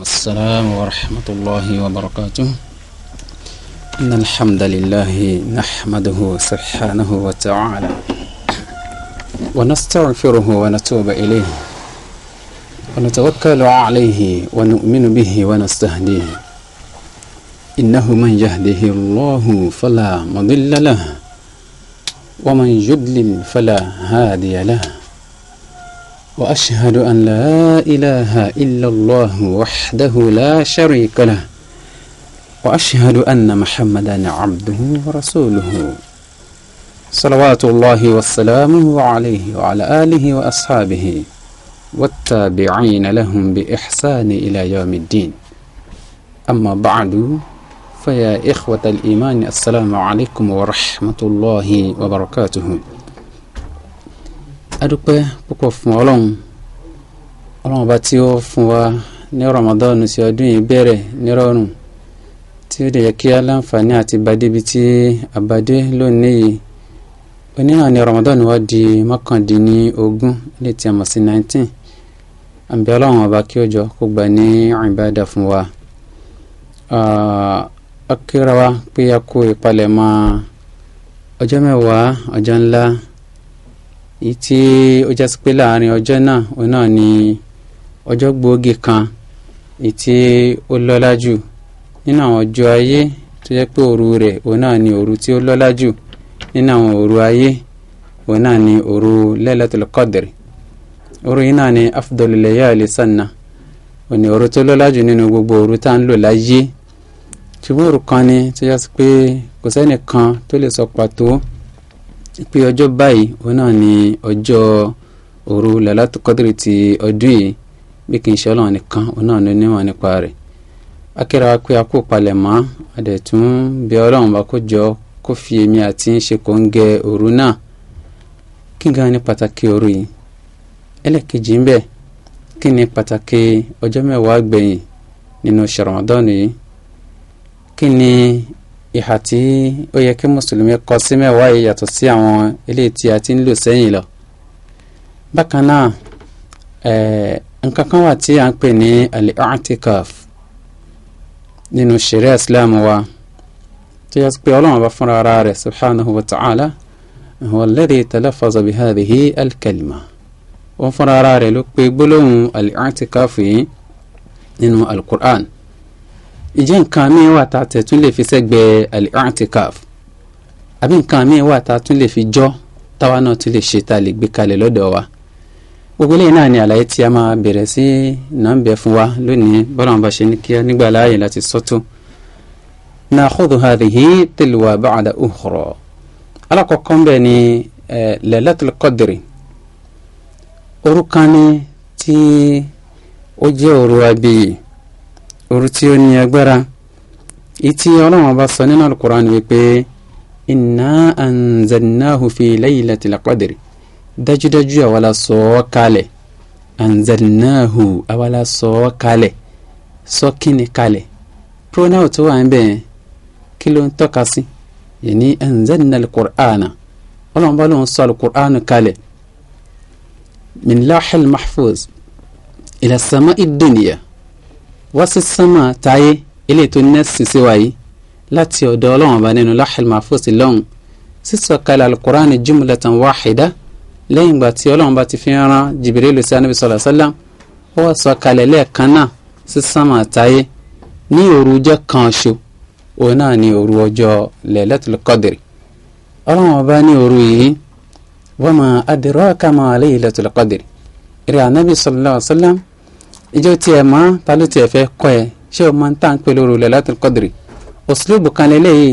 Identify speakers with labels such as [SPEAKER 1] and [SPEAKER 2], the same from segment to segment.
[SPEAKER 1] السلام ورحمة الله وبركاته إن الحمد لله نحمده سبحانه وتعالى ونستغفره ونتوب إليه ونتوكل عليه ونؤمن به ونستهديه إنه من يهده الله فلا مضل له ومن يضلل فلا هادي له وأشهد أن لا إله إلا الله وحده لا شريك له وأشهد أن محمدا عبده ورسوله صلوات الله وسلامه عليه وعلى آله وأصحابه والتابعين لهم بإحسان إلى يوم الدين أما بعد فيا إخوة الإيمان السلام عليكم ورحمة الله وبركاته adúpẹ́ púpọ̀ fún ọlọ́run ọlọ́run ọba tí ó fún wa ní Ramadan sí ọdún yìí bẹ̀rẹ̀ nírọ̀rùn tí ó dẹ̀ yẹ kí á láǹfààní àti bàdébi tí àbádé lónìí yìí oní náà Ramadan wa di mọ́kàndínlógún lè tí a mọ̀ sí nineteen àbí ọlọ́run ọba kí ó jọ kó gbà ní ìbádà fún wa akíra pé a kó ìpalẹ̀mọ́ ọjọ́ mẹ́wàá ọjọ́ ńlá èyí tí ó jásí pé láàrin ọjọ́ náà òun náà ni ọjọ́ gbòógì kan èyí tí ó lọ́lá jù nínú àwọn ọjọ́ ayé tó jẹ́ pé òru rẹ̀ òun náà ni òru tí ó lọ́lá jù nínú àwọn òru ayé òun náà ni òru Lailatul Qadr òru yìí náà ni afdalul layali sanna òní òru tó lọ́lá jù nínú gbogbo òru tá à ń lò láyé ṣùgbọ́n òru kan ni tó jásí pé kò sẹ́nìkan tó lè sọ pàtó pé ọjọ́ báyìí òun náà ni ọjọ́ òru làlátù kọ́dírì ti ọdún yìí bí kì í ṣe ọlọ́run nìkan òun náà ló níwọ̀n nípa rẹ̀ akéra pé a kó palẹ̀ mọ́ adẹ̀tún bí ọlọ́run bá kó jọ kó fi èmi àti ń ṣe kó ń gẹ òru náà kí n gan ni pàtàkì òru yìí ẹlẹ́ẹ̀kejì ń bẹ kí ni pàtàkì ọjọ́ mẹ́wàá gbẹ̀yìn nínú ṣàròmọ́dọ́nù yìí kí ni ìhà tí ó yẹ kí mùsùlùmí kọ sí mẹ́wàá yìí yàtọ̀ sí àwọn eléyìí tí a ti ń lò sẹ́yìn lọ. bákan náà nǹkan kan wà tí a ń pè ní al-i'tikaf nínú sharia islam wa tó yẹ pé ọlọ́run bá fúnra ara rẹ̀ subhanahu wa ta'ala huwa alladhi talaffaza bi hadhihi al-kalima fúnra ara rẹ̀ ló pe gbólóhùn al-i'tikaf yìí nínú al-Qur'an. al al ìjẹ́ nǹkan míì wà tá a tẹ̀ tún lè fi sẹ́gbẹ̀ẹ́ al-i'tikaf àbí nǹkan míì wà tá a tún lè fi jọ́ táwa náà tún lè ṣe tá a lè gbé kalẹ̀ lọ́dọ̀ wa gbogbo eléyìí náà ni àlàyé tí a máa bẹ̀rẹ̀ sí náà ń bẹ fún wa lónìí bọ́lá wọn bá ṣe ní kí á nígbà láàyè láti sọ́tò nakhudhu hadhihi tilwa ba'da ukhra alákọ̀ọ́kọ́ ń bẹ̀ ni lailatul qadri òru tí ó jẹ́ òru abiyì òru tí ó ní agbára ìtì ọlọ́run ọba sọ nínú alukur'an wípé inna anzalnahu fi laylatil qadri dájúdájú àwa la sọ ọ́ kalẹ̀ anzalnahu àwa la sọ ọ́ kalẹ̀ sọ kíni kalẹ̀ pronoun tó wà ń bẹ̀ kí ló ń tọ́ka sí yẹn ní anzalna alukur'ana ọlọ́run ọba sọ alukur'an kalẹ̀ min lahil mahfuz ila sama'i wá sí sánmà táyé eléyìí tó nẹ́sìn sí wa yìí láti ọ̀dọ̀ ọlọ́run ọba nínú láhìl máfòsì lọ́hùn sísọ̀kalẹ̀ alukur'an jumlatan wáhidá lẹ́yìn ìgbà tí ọlọ́run bá ti fi rán jìbìrìlù sí anábì sọ̀rọ̀ sálá ó wá sọ̀kalẹ̀ lẹ́ẹ̀kan náà sí sánmà táyé ní òru ọjọ́ kan ṣo òun náà ní òru ọjọ́ lẹ́lẹ́tul kọ́dìrì ọlọ́run ọba ní òru yìí wọ́n máa adìrọ́ kàmá lẹ́yìn lẹ́tul kọ́dìrì ìrẹ̀ anábì sọ̀rọ̀ sálá ìjọ tiẹ̀ mọ́ ta ló tiẹ̀ fẹ́ kọ́ ẹ ṣé o máa ń tàn pé lóru Lailatul Qadri òṣèlú kan lélẹ́yìí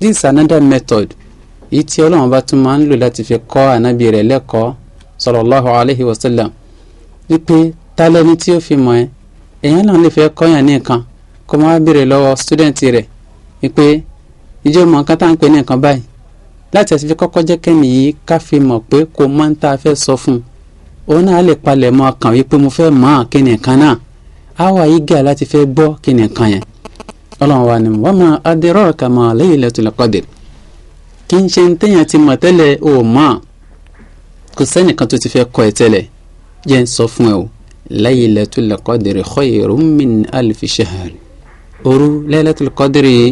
[SPEAKER 1] this another method yìí tí ọlọ́run bá tún máa ń lò láti fi kọ́ ànábì rẹ̀ lẹ́kọ̀ọ́ sallallahu alayhi wa sallam wípé tálẹ́ni tí ó fi mọ̀ ẹ́ èèyàn náà lè fẹ́ kọ́yàn ní nǹkan kó máa béèrè lọ́wọ́ student rẹ̀ wípé ìjọ mọ̀ nǹkan tá à ń pè ní báyìí láti ẹ̀sìn fi kọ́kọ́ jẹ́ kẹ́mi yìí ká fi mọ̀ pé kò máa ń tá fẹ́ sọ fún un òun náà lè palẹ̀ mọ́ ọkàn wípé mo fẹ́ mọ̀ ọ́n kí nìkan náà á wà yígà láti fẹ́ gbọ́ kí nìkan yẹn ọlọ́run wa ni wọ́n máa adirọ́ọ̀kà máa Laylatul Qadr kí n ṣe ń tẹ̀yàn ti mọ̀ tẹ́lẹ̀ o mọ̀ kò sẹ́nìkan tó ti fẹ́ kọ́ ẹ tẹ́lẹ̀ yẹn sọ fún ẹ o Laylatul Qadr khayrun min alfi shahr òru Laylatul Qadr yìí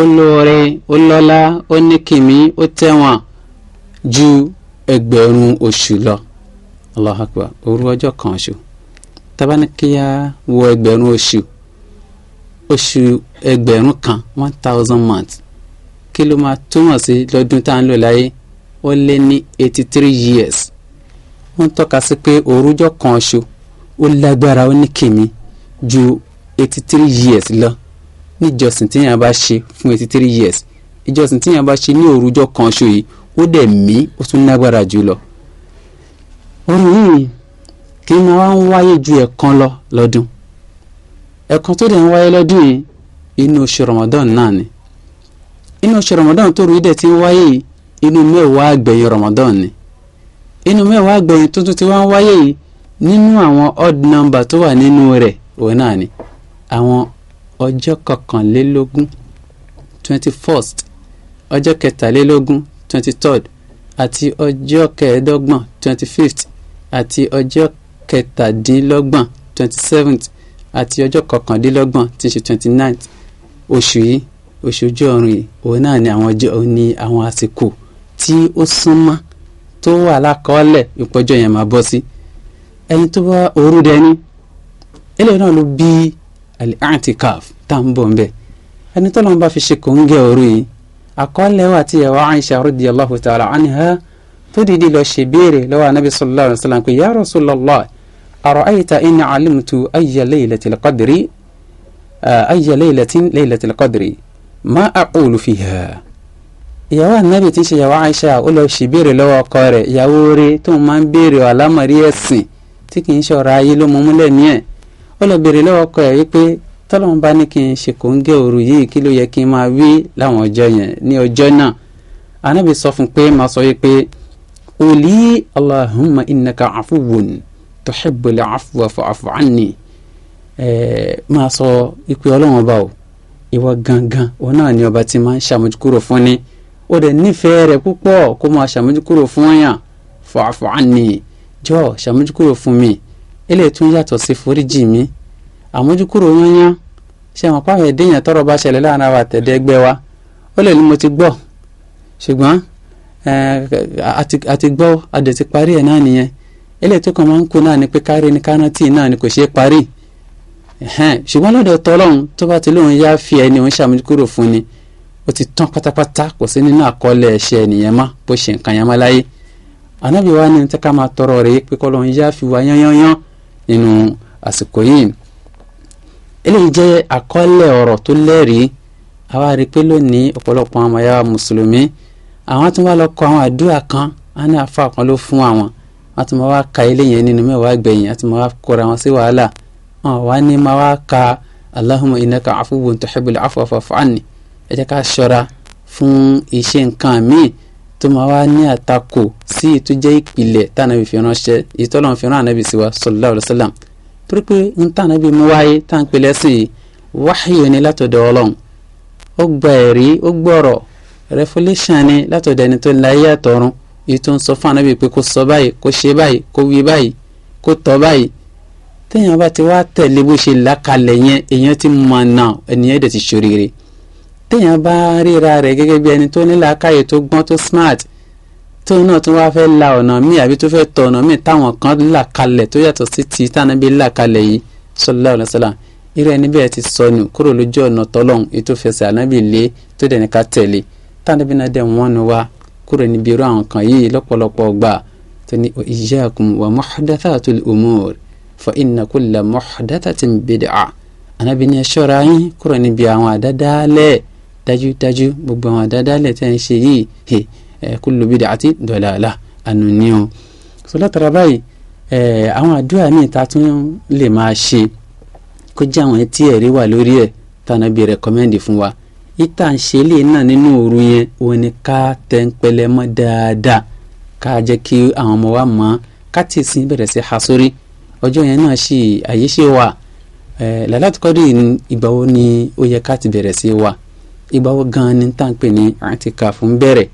[SPEAKER 1] ó lóore ó lọ́lá ó níkìmí ó tẹ̀wọ̀n ju ẹgbẹ̀rún oṣù lọ. Allahu Akbar òru ọjọ́ kan oṣù tabanikiya wo ẹgbẹ̀rún oṣù oṣù ẹgbẹ̀rún kan one thousand months kí ló máa túmọ̀ sí lọ́dún tá à ń lò láyé ó lé ní eighty three years wọ́n tọ́ka sí pé òrújọ́ kan oṣù ó lágbára ó ní kìmí ju eighty three years lọ níjọsìn tíyàn bá ṣe fún eighty three years ìjọsìn tíyàn bá ṣe ní òrújọ́ kan oṣù yìí ó dẹ̀ mí ó tún lágbára jù lọ orin yìí kì í máa ń wáyé ju ẹ̀kan lọ lọ́dún ẹ̀kan tó dẹ̀ ń wáyé lọ́dún yìí inú oṣù Ramadan náà ni inú oṣù Ramadan tó rí dẹ̀ ti ń wáyé yìí inú mẹ́wàá àgbẹ̀yìn Ramadan ni inú mẹ́wàá àgbẹ̀yìn tuntun ti wá ń wáyé yìí nínú àwọn odd number tó wà nínú rẹ̀ òun náà ni àwọn ọjọ́ kọkànlélógún twenty first ọjọ́ kẹtàlélógún twenty third àti ọjọ́ kẹẹ̀ẹ́dọ́gbọ̀n twenty fifth àti ọjọ́ kẹtàdínlọ́gbọ̀n twenty seventh àti ọjọ́ kọkàndínlọ́gbọ̀n tí í ṣe twenty ninth oṣù yìí oṣù ojú ọ̀run yìí òun náà ni àwọn ọjọ́ ní àwọn àsìkò tí ó súnmọ́ tó wà lákọọ́lẹ̀ ìpọ́jọ́ yẹn máa bọ́ sí ẹni tó bá òru dẹni eléyìí náà ló bí al-i'tikaf tá à ń bọ̀ nbẹ ẹni tó lọ́n bá fi ṣe kò ń gẹ òru yìí àkọọ́lẹ̀ wà tí ìyàwó Aisha radiyallahu ta'ala anha tó dìde lọ ṣèbéèrè lọ́wọ́ anabi sallallahu alayhi wa sallam pé ya rasulallah ara'ayta in alimtu ayya laylatil qadri ayya laylatin laylatil qadri ma aqulu fiha. ìyàwó anabi tí ń ṣe ìyàwó aisha ó lọ ṣèbéèrè lọ́wọ́ ọkọ rẹ̀ ìyàwó rẹ̀ tó máa ń béèrè àlámọ̀rí ẹ̀sìn tí kì í ṣe ọ̀rọ̀ ayé ló mú múlẹ̀ ní ẹ̀ ó lọ béèrè lọ́wọ́ ọkọ ẹ̀ wípé tọ́lọ́mù bá ní kí n ṣe kòńgẹ́ òru yìí kí ló yẹ kí n máa wí láwọn ọjọ́ yẹn ní ọjọ́ náà anabi sọ fún pé máa sọ wípé أولي اللهم إنك عفو تحب العفو فاعف عني máa sọ ìpè ọlọ́run ọba o ìwọ gangan òun náà ni ọba ti máa ń ṣàmójúkúrò fún ni ó dẹ̀ nífẹ̀ẹ́ rẹ̀ púpọ̀ kó máa ṣàmójúkúrò fún yàn fàáfà ni jọ ṣàmójúkúrò fún mi eléyìí tún yàtọ̀ sí foríjì mi àmójúkúrò yányán ṣe wọn pààyàn déèyàn tọrọ bá ṣẹlẹ̀ láàrin àwọn àtẹ̀dẹ́gbẹ́ wa ó lè ní mo ti gbọ́ ṣùgbọ́n àti eh, gbọ́ adẹ̀ ti parí ẹ̀ náà nìyẹn eléyìí tó kàn máa ń kú náà ni pé kárí ni kárántì náà ni kò ṣeé parí ṣùgbọ́n lọ́dọ̀ tọ́lọ́hún tó bá ti lóun yá fi ẹni òun ṣàmójúkúrò fún ni ó ti tán pátápátá kò sí nínú àkọọ́lẹ̀ ẹ̀ṣẹ̀ ṣe nǹkan yẹn ni tẹ́ka máa tọrọ rẹ̀ pé kọ́ yá fi wá yányányán nínú àsìkò yìí jẹ́ àkọọ́lẹ̀ ọ̀rọ̀ tó lẹ́rìí àwa rí pé lónìí ọ̀pọ̀lọpọ̀ àwọn tún wá lọ kọ àwọn àdúrà kan á ní àfa kan ló fún àwọn wọn tún máa wá ka ilé yẹn nínú mẹ́wàá gbẹ̀yìn àti máa wá kóra wọn sí wàhálà wọn wá ní máa wá ka allahumma innaka afuwun tuhibbul afwa fa'fu anni ẹ jẹ́ ká ṣọ́ra fún iṣẹ́ nǹkan míì tó máa wá ní àtakò sí ètò jẹ́ ìpìlẹ̀ tánàbí fi ránṣẹ́ èyí tọ́lọ́ fi rán sí wa sallallahu alayhi wa sallam torí pé n tánàbí mú wáyé tá à ń pè lẹ́sìn yìí wáhìyàn ni ọlọ́run ó gba ẹ̀rí ó gbọ́rọ̀ revolution ni látọ̀dọ̀ ẹni tó ń la ayé àtọ̀run èyí tó ń sọ fún anábì pé kó sọ báyìí kó ṣe báyìí kó wí báyìí kó tọ́ báyìí téèyàn bá ti wá tẹ̀lé bó ṣe làkàlẹ̀ yẹn èèyàn ti mọ̀ náà ènìyàn dẹ̀ ti ṣoríire téèyàn bá ríra rẹ̀ gẹ́gẹ́ bí ẹni tó ní làákàyè tó gbọ́n tó smart tóun náà tún wáá fẹ́ la ọ̀nà míì àbí tó fẹ́ tọ ọ̀nà míì táwọn kan là kalẹ̀ tó yàtọ̀ sí ti tànàbí là kalẹ̀ yìí sallallahu alaihi wasallam irú ẹni bẹ́ẹ̀ ti sọnù kúrò lójú ọ̀nà tọ́lọ́hún ètò fẹsẹ̀ ànábì lé tó dẹ̀ ní tẹ̀lé tánàbí náà dẹ̀ wọ́n nu wa kúrò níbi irú àwọn kan yìí lọ́pọ̀lọpọ̀ gbà tó ní iyyakum wa muhdathatul umur fa inna kulla muhdathatin bid'a ànábi ní ẹ ṣọ́ra yín kúrò níbi àwọn àdádálẹ̀ dájúdájú gbogbo àwọn àdádálẹ̀ tẹ́ ń ṣe yìí kullu bid'ati dalalah ànú ni o so látara báyìí àwọn àdúrà míì ta tún lè máa ṣe kó jẹ́ àwọn etí ẹ̀rí wà lórí ẹ̀ tànàbí rẹ̀kọ́mẹ́ndì fún wa ìtà ń ṣe lè nà nínú òru yẹn òun ni ká tẹ̀ ń pẹlẹ mọ́ dáadáa ká jẹ́ kí àwọn ọmọ wa mọ̀ ká tì sí bẹ̀rẹ̀ sí ha sórí ọjọ́ yẹn náà ṣì àyè ṣe wà Lailatul Qadri ìgbà wo ni ó yẹ ká ti bẹ̀rẹ̀ sí wà ìgbà wo gan ni tá à ń pè ní àtìkáf ń bẹ̀rẹ̀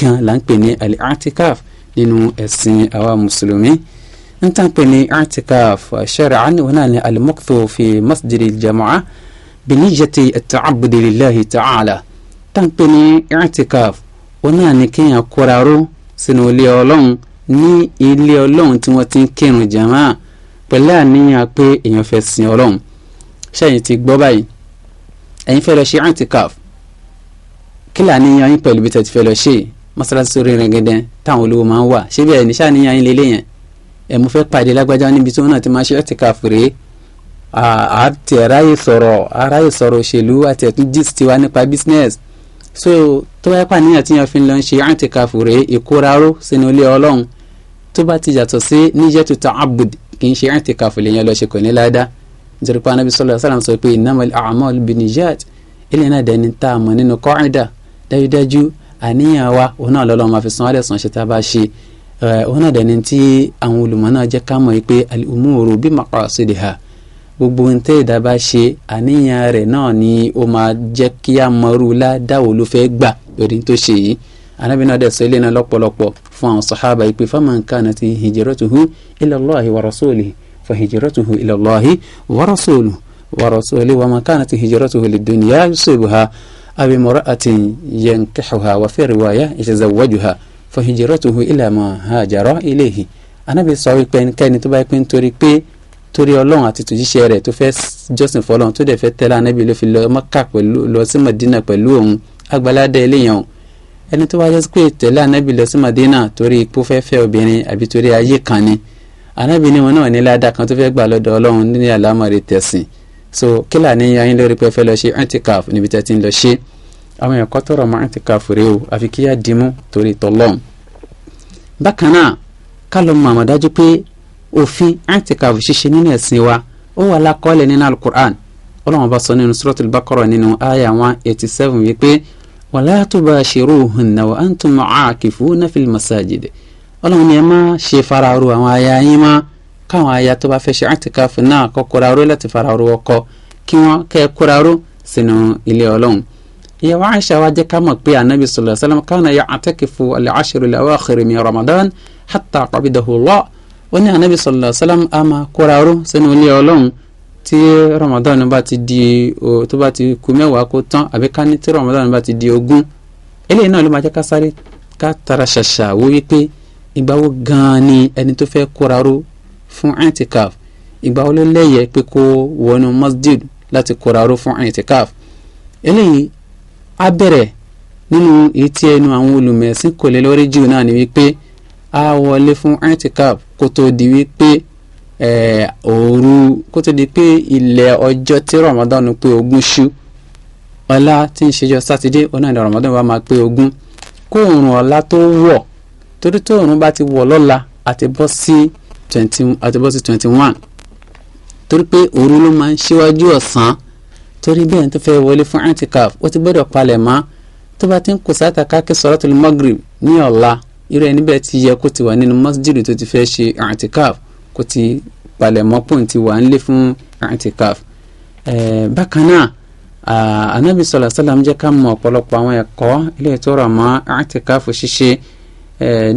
[SPEAKER 1] gan là ń pè ní àlẹ́ àtìkáf nínú ẹ̀sìn àwa mùsùlùmí ń tá à ń pè ní àtìkáf shar'an wọn náà ní al fi masjidil jama'a bìníjẹtì ẹtàcàbùdì lillahi ta'ala tàǹpẹ ní i'tikaf ó náà ní kéèyàn kóraró sínú ilé ọlọ́run ní ilé ọlọ́run tí wọ́n ti ń kírun jàmáà pẹ̀lú àníyàn pé èèyàn fẹ́ sin ọlọ́run ṣẹ́yìn ti gbọ́ báyìí ẹ̀yin fẹ́ lọ ṣe i'tikaf kí làníyàn yín pẹ̀lú bí tẹ̀ ti fẹ́ lọ ṣe mọ́sálásí orí rẹ̀gẹ́dẹ́ táwọn olówó máa ń wà ṣé bí ẹ̀yin e ṣàníyàn yín e lélẹ́yìn ẹ̀ mo fẹ́ pàdé lágbájá níbi tí wọ́n náà ti máa ṣe i'tikaf rèé àti ẹ̀ráyè sọ̀rọ̀ aráyè sọ̀rọ̀ òṣèlú àti ẹ̀tún gist tiwa nípa business so tó bá pàdé níyàn tí yẹn fi ń lọ ṣe àǹtìkàfù rèé ìkóraró sínú ilé ọlọ́run tó bá ti yàtọ̀ sí níyàtò ta'abbud kì í ṣe àǹtìkàfù lèyàn lọ ṣe kò ní ládàá nítorí pé anábì sallallahu alaihi wasallam sọ pé innamal a'malu binniyat ilé náà dẹni tá a mọ̀ nínú kọ́ńdà dájúdájú àníyàn wa òun náà lọ́lọ́ máa fi san wálẹ̀ ṣe tá a bá ṣe òun náà dẹni tí àwọn olùmọ̀ náà jẹ́ ká mọ̀ pé al-umuru bi maqasidiha gbogbo ń tẹ́ ẹ̀dá bá ṣe àníyàn rẹ̀ náà ni ó máa jẹ́ kí a mọ̀rú la dáwọ́ ló fẹ́ gbà lórí tó ṣe yìí anabi náà dẹ̀ sọ ilé náà lọ́pọ̀lọpọ̀ fún àwọn sàhábà ìpè faman kanati hijratuhu ila Allahi wa rasulihi fa hijratuhu ila Allahi wa rasulihi wa rasulihi wa man kanati hijratuhu lid-dunya yusibuha aw imra'atin yankihuha wa fi riwaya yatazawwajuha fa hijratuhu ila ma hajara ilayhi anabi sọ wípé ẹnikẹ́ni tó bá yẹ pé pé torí ọlọ́run àti tòjíṣẹ́ rẹ̀ tó fẹ́ jọ́sìn fọlọ́run tó dẹ̀ fẹ́ tẹ̀lé anábì ló fi lọ Mọ́kà pẹ̀lú lọ sí Mọ̀dínà pẹ̀lú òun agbaládé eléyàn ẹni tó wáyé pé tẹ̀lé anábì lọ sí Mọ̀dínà torí ipò fẹ́ fẹ́ obìnrin àbí torí ayé kan ni anábì ni wọn náà ní ládàá kan tó fẹ́ gbà lọ́dọ̀ ọlọ́run ní àlámọ̀rẹ́ tẹ̀sìn so kílà ní ayín lórí pé fẹ́ lọ ṣe antikaf níbi tẹ́ ti ń lọ ṣe àwọn ẹ̀kọ́ tọrọ mọ́ antikaf rèé o àfi kíyà dimú torí tọ́lọ́run òfin àǹtìkàwé ṣíṣe nínú ẹ̀sìn wa ó wà lákọọ́lẹ̀ nínú alukur'an ọlọ́run bá sọ nínú suratul baqara nínú aya one eighty seven wípé wala tubashiruhunna wa antum aakifuna fil masajid ọlọ́run ni ẹ má ṣe faraaru àwọn aya yín má káwọn aya tó bá fẹ́ ṣe àǹtìkàwé náà kọ́ kóraró láti faraaru ọkọ kí wọ́n kẹ́ kóraró sínú ilé ọlọ́run ìyàwó aisha wa jẹ́ ká mọ̀ pé anabi sallallahu alaihi wasallam kana ya'takifu al-ashru al-awakhir min ramadan hatta qabidahu Allah ó ní anabi sallallahu alaihi wasallam a máa kóra ró sínú ilé ọlọ́run tí ramadan bá ti di o tó bá ti ku mẹ́wàá kó tán àbí ká ní tí ramadan bá ti di ogún eléyìí náà ló máa jẹ́ ká sáré ká tara ṣàṣà wó wípé ìgbà wo gan-an ni ẹni tó fẹ́ kóra ró fún antikaf ìgbà wo ló lẹ́yẹ pé kó wọnú masjid láti kóra ró fún antikaf eléyìí á bẹ̀rẹ̀ nínú èyí tí ẹnu àwọn olùmẹ̀sìn kò lè lórí náà ni wípé á wọlé fún antikap kó tó di wípé òru kó tó di pé ilẹ̀ ọjọ́ tí ramadan pé ogún ṣú ọlá tí ń ṣèjọ sátidé ọ̀nà ìdá ramadan bá máa pé ogún kó òrùn ọ̀la tó wọ̀ torí tó òrùn bá ti wọ̀ lọ́la àti bọ́ sí twenty àti twenty one torí pé òru ló máa ń ṣíwájú ọ̀sán torí bẹ́ẹ̀ tó fẹ́ wọlé fún antikaf ó ti gbọ́dọ̀ palẹ̀ mọ́ tó bá ti ń kó sáta káàkiri sọ́rọ́tò magrib ní ọ̀la irú ẹni bẹ́ẹ̀ ti yẹ kó ti wà nínú masjid tó ti fẹ́ ṣe àǹtíkáf kó ti palẹ̀mọ́ pọ̀ ti wà nílé fún àǹtíkáf. bákan náà anabi sọlá sálàm jẹ́ ká mọ ọ̀pọ̀lọpọ̀ àwọn ẹ̀kọ́ ilé ìtura mọ́ àǹtíkáf ṣíṣe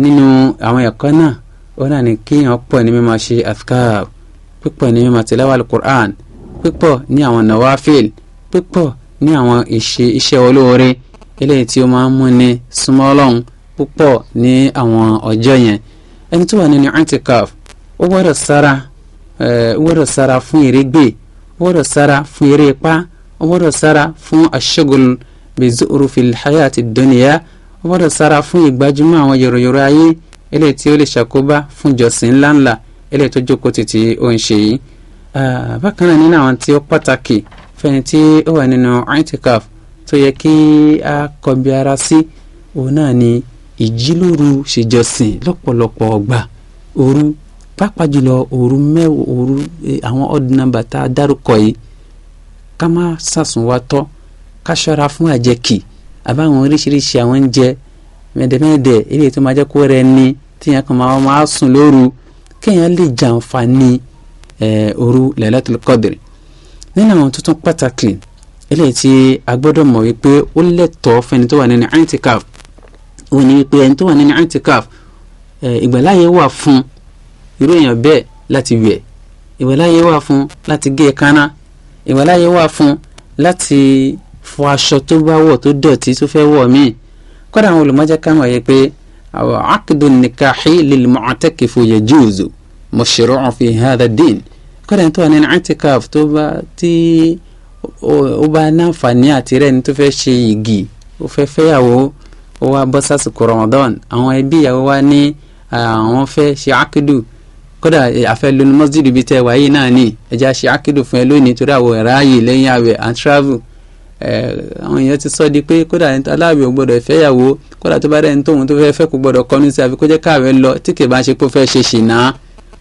[SPEAKER 1] nínú àwọn ẹ̀kọ́ náà ó náà ní kéèyàn pọ̀ ní mímọ̀ ṣe àfikáf pípọ̀ ní mímọ̀ tìláwà alukur'an pípọ̀ ní àwọn nawafil pípọ̀ ní àwọn iṣẹ́ olóore eléyìí tí ó máa ń múni súnmọ́ ọlọ́run púpọ̀ ní àwọn ọjọ́ yẹn ẹni tó wà nínú antikaf ó gbọ́dọ̀ sára ó gbọ́dọ̀ sára fún erégbè ó gbọ́dọ̀ sára fún eré ipá ó gbọ́dọ̀ sára fún aṣọ́gun bizurufil hayati dunya ó gbọ́dọ̀ sára fún ìgbájúmọ́ àwọn yòròyòrò ayé eléyìí tí ó lè ṣàkóbá fún jọ̀sìn ńláńlá eléyìí tó jókòó títí ó ń ṣe yìí. bákan náà nínú àwọn tí ó pàtàkì fẹ́ni tí ó wà nínú antikaf tó yẹ kí a kọbi ara sí òun náà ni ìjílóru ṣèjọsìn lọ́pọ̀lọpọ̀ ọgbà òru pàápàá jùlọ òru mẹ́wọ̀ òru eh, àwọn odd number tá a dárúkọ yìí ká má sàsùn wa tọ́ ká ṣọ́ra fún àjẹkì àbáwọn oríṣiríṣi àwọn oúnjẹ mẹ́dẹ̀mẹ́dẹ̀ eléyìí tó máa jẹ́ kó rẹ ni tíyẹn kan máa máa sùn lóru kéèyàn lè jàǹfààní eh, òru Lailatul Qadr nínú àwọn tuntun pàtàkì eléyìí tí a gbọ́dọ̀ mọ̀ wípé ó lẹ́tọ̀ọ́ fẹ́ni tó wà nínú antikaf òun ni wípé ẹni tó wà nínú antikaf ìgbàláyé wà fún irú èèyàn bẹ́ẹ̀ láti wẹ̀ ìgbàláyé wà fún láti gé kaná ìgbàláyé wà fún láti fọ aṣọ tó bá wọ̀ tó dọ̀tí tó fẹ́ wọ̀ míì kọ́dà àwọn olùmọ́jẹ́ káwọn yẹ pé عقد النكاح للمعتكف يجوز مشروع في هذا الدين kọ́dà tó wà nínú antikaf tó bá tí ó bá náà fà ní àtirẹ́ ni tó fẹ́ ṣe igi ó fẹ́ fẹ́yàwó ó wá bọ́ sásìkò Ramadan àwọn ẹbí ìyàwó wa ní àwọn fẹ́ ṣe ákídù kódà àfẹ́ lónìí mọ́sídìí bíi tẹ́ wáyé náà ni ẹja ṣe ákídù fún ẹ lónìí torí àwọn ẹ̀rá yìí lẹ́yìn àwẹ̀ and travel àwọn èèyàn ti sọ di pé kódà aláàbẹ̀ ò gbọ́dọ̀ ìfẹ́yàwó kódà tó bá rẹ̀ ń tóun tó fẹ́ fẹ́ kó gbọ́dọ̀ kọ́nu sí àfi kó jẹ́ káàwẹ̀ lọ tí kì bá ṣe pé fẹ́ ṣe ṣìnà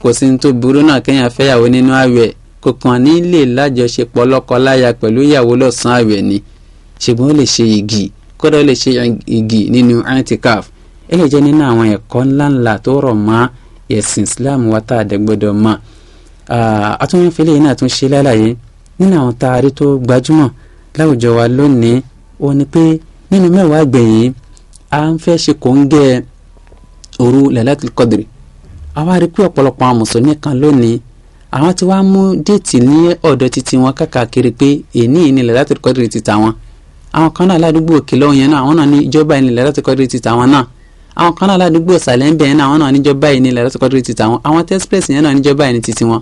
[SPEAKER 1] kò sí tó burú náà kéèyàn fẹ́yàwó nínú àwẹ̀ kọ̀ọ̀kan ní lè lájọṣepọ̀ lọ́kọ láya pẹ̀lú ìyàwó lọ́sàn-án àwẹ̀ ni ṣùgbọ́n ó lè ṣe yìgì kódà ó lè ṣe igi nínú antikaf ẹ lè jẹ́ nínú àwọn ẹ̀kọ́ ńláńlá tó rọ̀ mọ́ ẹ̀sìn islam wa tá a dẹ̀ gbọ́dọ̀ mọ̀ àtúnyẹ̀fẹ́lẹ́ yìí náà tún ṣe lálàyé nínú àwọn taari tó gbajúmọ̀ láwùjọ wa lónìí ó ní pé nínú mẹ́wàá gbẹ̀yìn à ń fẹ́ ṣe kòńgẹ́ òru lẹ́lẹ́tìlì kọ́dìrì àwa rí pé ọ̀pọ̀lọpọ̀ àwọn mùsùlùmí kan lónìí àwọn tí wàá mú déètì ní ọ̀dọ̀ titi wọn káàkiri pé èní ìní lẹ́lẹ́tìlì kọ́dìrì ti tàwọn àwọn kan náà ládùúgbò òkè lọ́wọ́ yẹn náà àwọn náà ní ìjọba ìnilẹ̀ láti kọ́ dìrìtì tàwọn náà àwọn kan náà ládùúgbò sàlẹ̀ ń bẹ̀ yẹn náà àwọn náà níjọba ìnilẹ̀ láti kọ́ dìrìtì tàwọn àwọn tẹ́sípẹ̀s yẹn náà níjọba ìní titi wọn.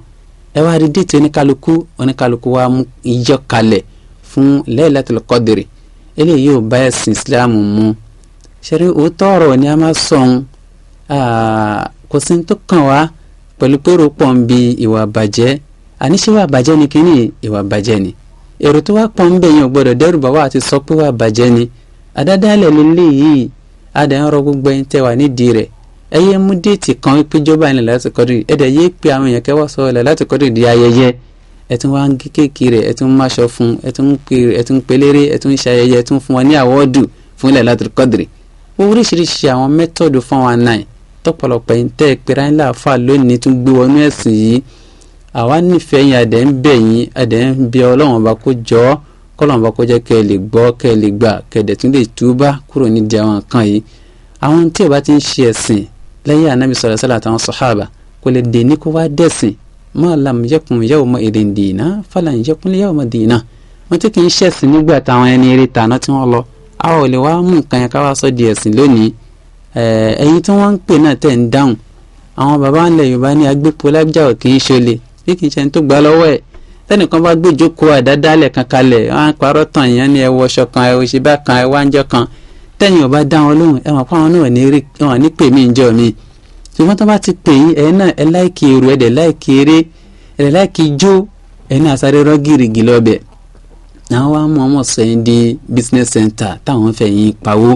[SPEAKER 1] ẹ wá rí déètì oníkálukú oníkálukú wa mú ìjọ kalẹ̀ fún Lailatul Qadri eléyìí ò bá ẹ̀sìn Ìsìlámù mu ṣeré òótọ́ ọ̀rọ̀ ni a máa sọ̀n kò sí tó kàn wá pẹ̀lú pé rò pọ̀ èrò tó wá pọ̀ ń bẹ̀ yẹn ò gbọ́dọ̀ dẹ́rù bá wa àti sọ pé wà bàjẹ́ ni àdádálẹ̀ lélẹ́yìí adà ń rọ gbogbo ẹyin tẹ́ wà nídìí rẹ̀ ẹ yé mú déètì kan péjọba ẹni láti kọdún ẹ dẹ̀ yé pé àwọn èèyàn kẹwàá sọ ọ̀la láti kọdún di ayẹyẹ ẹ tún wá ń gé kéèkì rẹ̀ ẹ tún máṣọ fún ẹ tún ẹ tún pelére ẹ tún ṣe ayẹyẹ ẹ tún fún wọn ní àwọ́dù fún ilẹ̀ láti kọ́dìrì oríṣiríṣi àwọn mẹ́tọ̀dù fún àwọn àna tọ́pọ̀lọpọ̀ ẹ̀yin tẹ́ ẹ pera ńlá àfa lónìí tún gbé wọnú ẹ̀sìn yìí àwa nífẹ̀ẹ́ yín adẹ̀ ń bẹ̀ yín adẹ̀ ń bẹ ọlọ́run ọba kó jọ ọ́ kọ́lọ́run ọba kó jẹ́ kẹ́ ẹ lè gbọ́ kẹ́ ẹ lè gbà kẹ́ ẹ dẹ̀ tún lè túbá kúrò nídìí àwọn nǹkan yìí àwọn tí ẹ bá ti ń ṣe ẹ̀sìn lẹ́yìn anabi sọ̀rọ̀ sọ́lá àtàwọn sọ̀hábà kò lè dè ní kó wá dẹ̀sìn mọ́ lam yẹkùn yẹ́wò mọ́ èdè dìínà fàlà yẹkùn yẹ́wò mọ́ dìínà wọ́n ti kì í ṣẹ̀sìn nígbà táwọn ẹni eré tàná tí wọ́n lọ a ò lè wá mú nǹkan yẹn ká wá sọ di ẹ̀sìn lónìí ẹ̀yin tí wọ́n ń pè náà tẹ̀ ń dáhùn àwọn bàbá ńlẹ̀ yorùbá ní agbépo lájà ò kì í ṣọlẹ̀ bí kì í ṣe ẹni tó gbà lọ́wọ́ ẹ̀ tẹnìkan bá gbé ìjókòó àdádálẹ̀ kan kalẹ̀ wọn parọ́ tàn yẹn ni ẹ wọṣọ kan ẹ òṣì bá kan ẹ wáńjọ kan tẹ̀yìn ò bá dá wọn lóhùn ẹ wọn pa wọn náà ní wọn ní pè mí ìjọ mi ṣùgbọ́n tó bá ti pè yín ẹ̀yin náà ẹ láìkì èrò ẹ̀dẹ̀ láìkì eré ẹ̀dẹ̀ láìkì ijó ẹ̀yin náà sáré rọ́ gìrìgì lọ́bẹ̀ àwọn wa mọ̀ ọmọ sẹ́yìn di business center táwọn fẹ̀yìn pawó